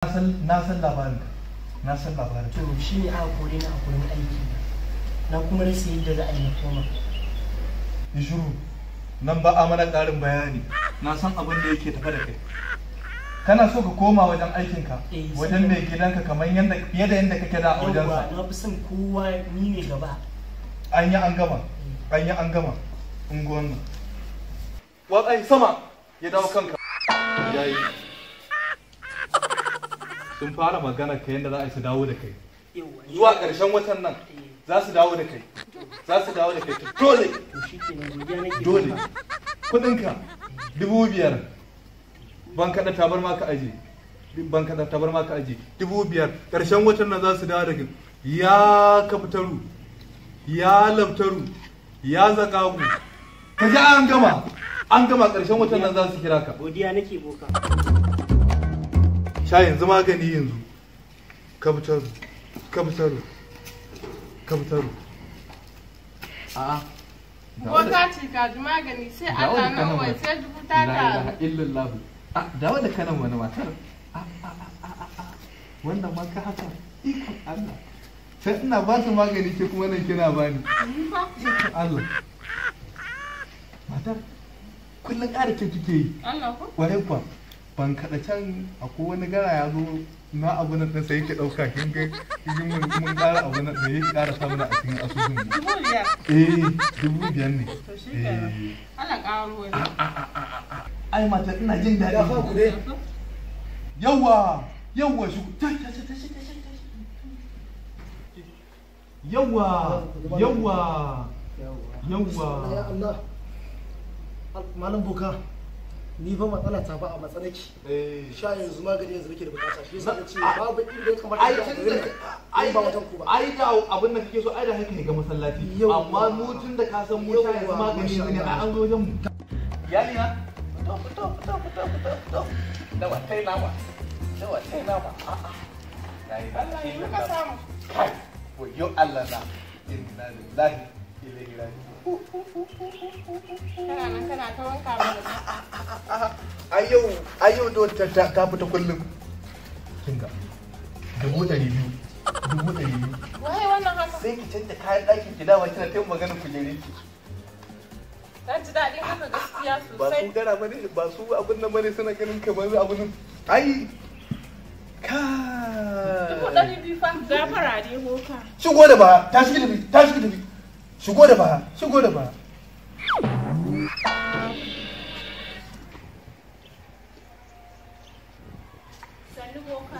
na san labarin na san labarin to shi ne aka kore na a gurin aiki na kuma rasa yadda za a yi koma shiru nan ba a mana ƙarin bayani na san abin da yake tafa da kai kana so ka koma wajen aikinka eh, wajen mai gidanka kamar yadda fiye da yadda kake da a wajensa na fi son kowa ni ne gaba an yi an gama eh. an yi an gama unguwan nan wa sama ya dawo kanka sun fara magana ka yadda za a su dawo da kai zuwa ƙarshen watan nan za su dawo da kai za su dawo da kai dole dole kudinka dubu biyar ban kaɗa tabar ma ka aji. ban kaɗa tabar ma ka aji dubu biyar ƙarshen watan nan za su dawo da kai ya kaftaru ya labtaru ya zakagu ka ji an gama an gama ƙarshen watan nan za su kira ka godiya nake boka sha yanzu magani yanzu ka fitar ka fitar ka fitar a Bota ce ka ji magani sai Allah na wai sai dubu ta ka. Illallahu. Da wanda kanan wani matar. Wannan ma ka haka ikon Allah. Sai ina ba su magani ke kuma nan kina ba ni. Ikon Allah. Matar kullum ƙara ke kike yi. Allah ko? Kwarai kuwa. ban kaɗa can akwai wani gara ya zo na abu na ɗansa yake ɗauka kin ga kin mun gara abu na ɗaya yake ƙara samu a cikin asusun ne. Dubu biyar. Eh dubu biyar ne. To shi kenan. Eh. Allah ƙaro wani. Ah, ah, ah, Ai mata ina jin daɗi. Ya faku dai. Yawwa yawwa shi ta ta ta ta ta Yawwa yawwa yawwa. Ya Allah. Malam Buka. ni ba matsala ta ba a matsalaki eh, sha yanzu magani yanzu nake da bukata shi yasa nace babu inda ya kamata ai kin ai ba wata ku ba ai da abin da kake so ai da haka ne ga masallaci amma mu tun da ka san mu sha yanzu magani yanzu ne an zo wajen mu ya yali na to to to to to to da wa na nama da wa na ba a a dai ba yi ka samu kai yo Allah na inna lillahi ilaihi raji'un Kana nan kana ta wanka ba. da yau, a yau don ta ta fita kullum. Dubu ɗari biyu. Sai ki canza kayan ɗakin ki kina taimaka Ta ji daɗin haka gaskiya sosai. Ba su gara bane ba su abin nan kamar abin ai ka. Dubu ɗari biyu fa gafara ne Shigo da ba shigo da baya shigo da baya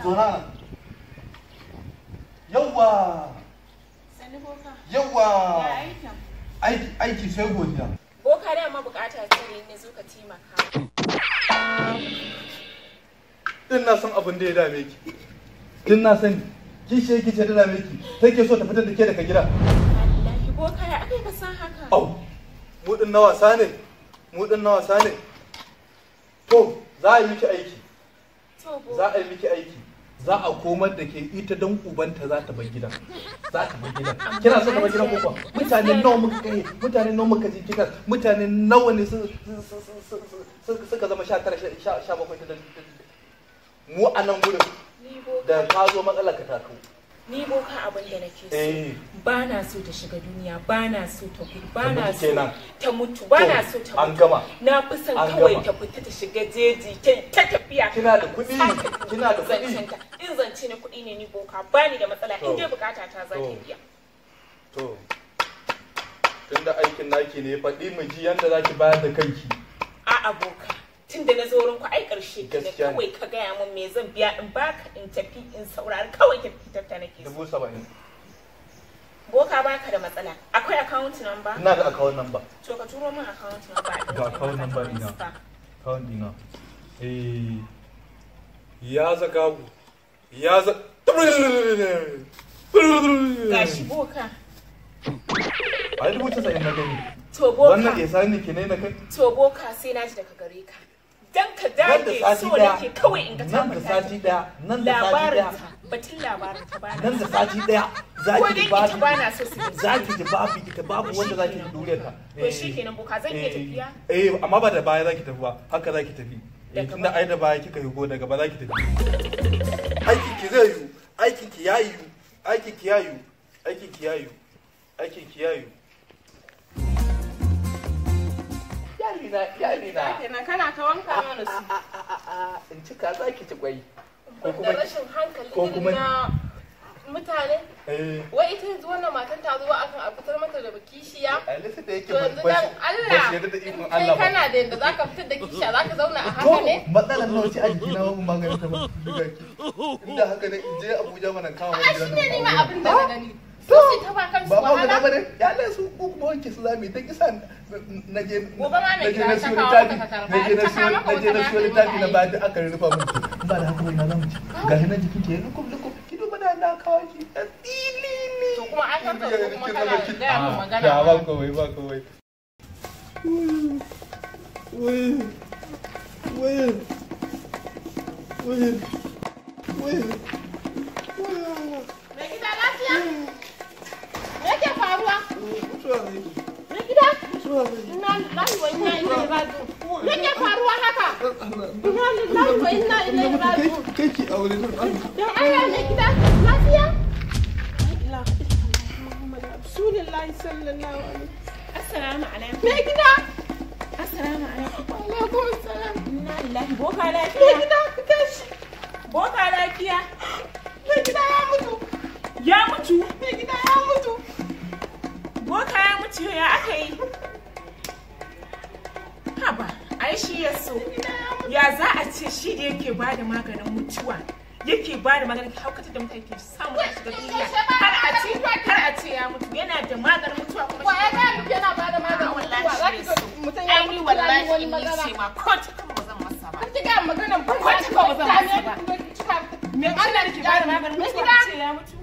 zona yawwa yawwa aiki aiki sai godiya boka da ma bukata ce ne zo ka taimaka din na san abin da ya dame ki din na san kishe kice da dame ki take so ta fitar da ke daga gida ko kaya akai ka san haka au mu din na wasa ne mu na wasa ne to za a yi miki aiki za a yi miki aiki za a komar da ke ita don ubanta za ta bar gidan za ta bar gidan kina so ta bar gidan ko mutane nawa muka kai mutane nawa muka ji kidan mutane nawa ne suka zama sha bakwai ta 17 mu a nan gudun da ta zo matsalar ka ta kawo ni boka abin da nake so eh. ba na so ta shiga duniya ba na so ta gudu ba na so ta mutu ba na so ta mutu na fi son kawai ta fita ta shiga jeji ta tafiya kina da kuɗi kina da kuɗi in zance na kuɗi ne ni boka ba ni da matsala in dai bukata ta za ki biya to tunda aikin naki ne faɗi mu ji yanda zaki bayar da kanki a aboka tun da na zo wurin ku ai karshe da kawai ka gaya mun me zan biya in baka in tafi in saurari kawai ki ta nake dubu saba'in boka baka da matsala akwai account number ina da account number to ka turo min account number ga account number ina account ina eh ya zaka ku ya za gashi boka ai dubu 90 na gani to boka wannan ya sani ke ne na kai to boka sai na ji daga gare ka dan ka dage so kawai in nan da sati daya nan da sati daya batun labarin ta bana nan da sati daya zaki ji babu bana so su zaki ji babu ita babu wanda zaki ji ka to shikenan zan iya eh, tafiya eh amma ba da baya zaki tafi ba haka zaki tafi eh, tunda ai da baya kika yi daga ba zaki tafi aikin ki zai yi aikin ki yayi aikin ki yayi aikin ki yayi aikin ki yayi na iyali na kenan kana ka wanka mana su in ci ka za ki ci kwai ko kuma rashin hankali ko mutane eh. wai ita yanzu wannan matan ta zo akan a fitar mata da kishiya to yanzu dan Allah kai kana da yadda zaka fitar da kishiya zaka zauna a haka ne matsalar nawa ce a jiki na mun magani ta ba inda haka ne je Abuja mana kawo wani gidan da ba shi ne ni ma abin da na gani wahala ba ne ya le su su zami ta kisa na je na na na na na na ba ci na lukum lukum ki da ki ni to kuma an san lillahi wa inna ilaihi raji'un me ke faruwa haka inna ne boka shi ya so ya za a ce shi da yake ba da maganin mutuwa yake ba da maganin haukata da mutane ke samu a shiga duniya har a ce har a ce ya mutu yana da maganin mutuwa kuma shi ya ga yana ba da maganin mutuwa zaki ga mutum ya mutu wallahi wani magana ko cikin ba zan masa ba kin ga maganar ko cikin ba zan masa ba me Allah yake ba da maganin mutuwa ce ya mutu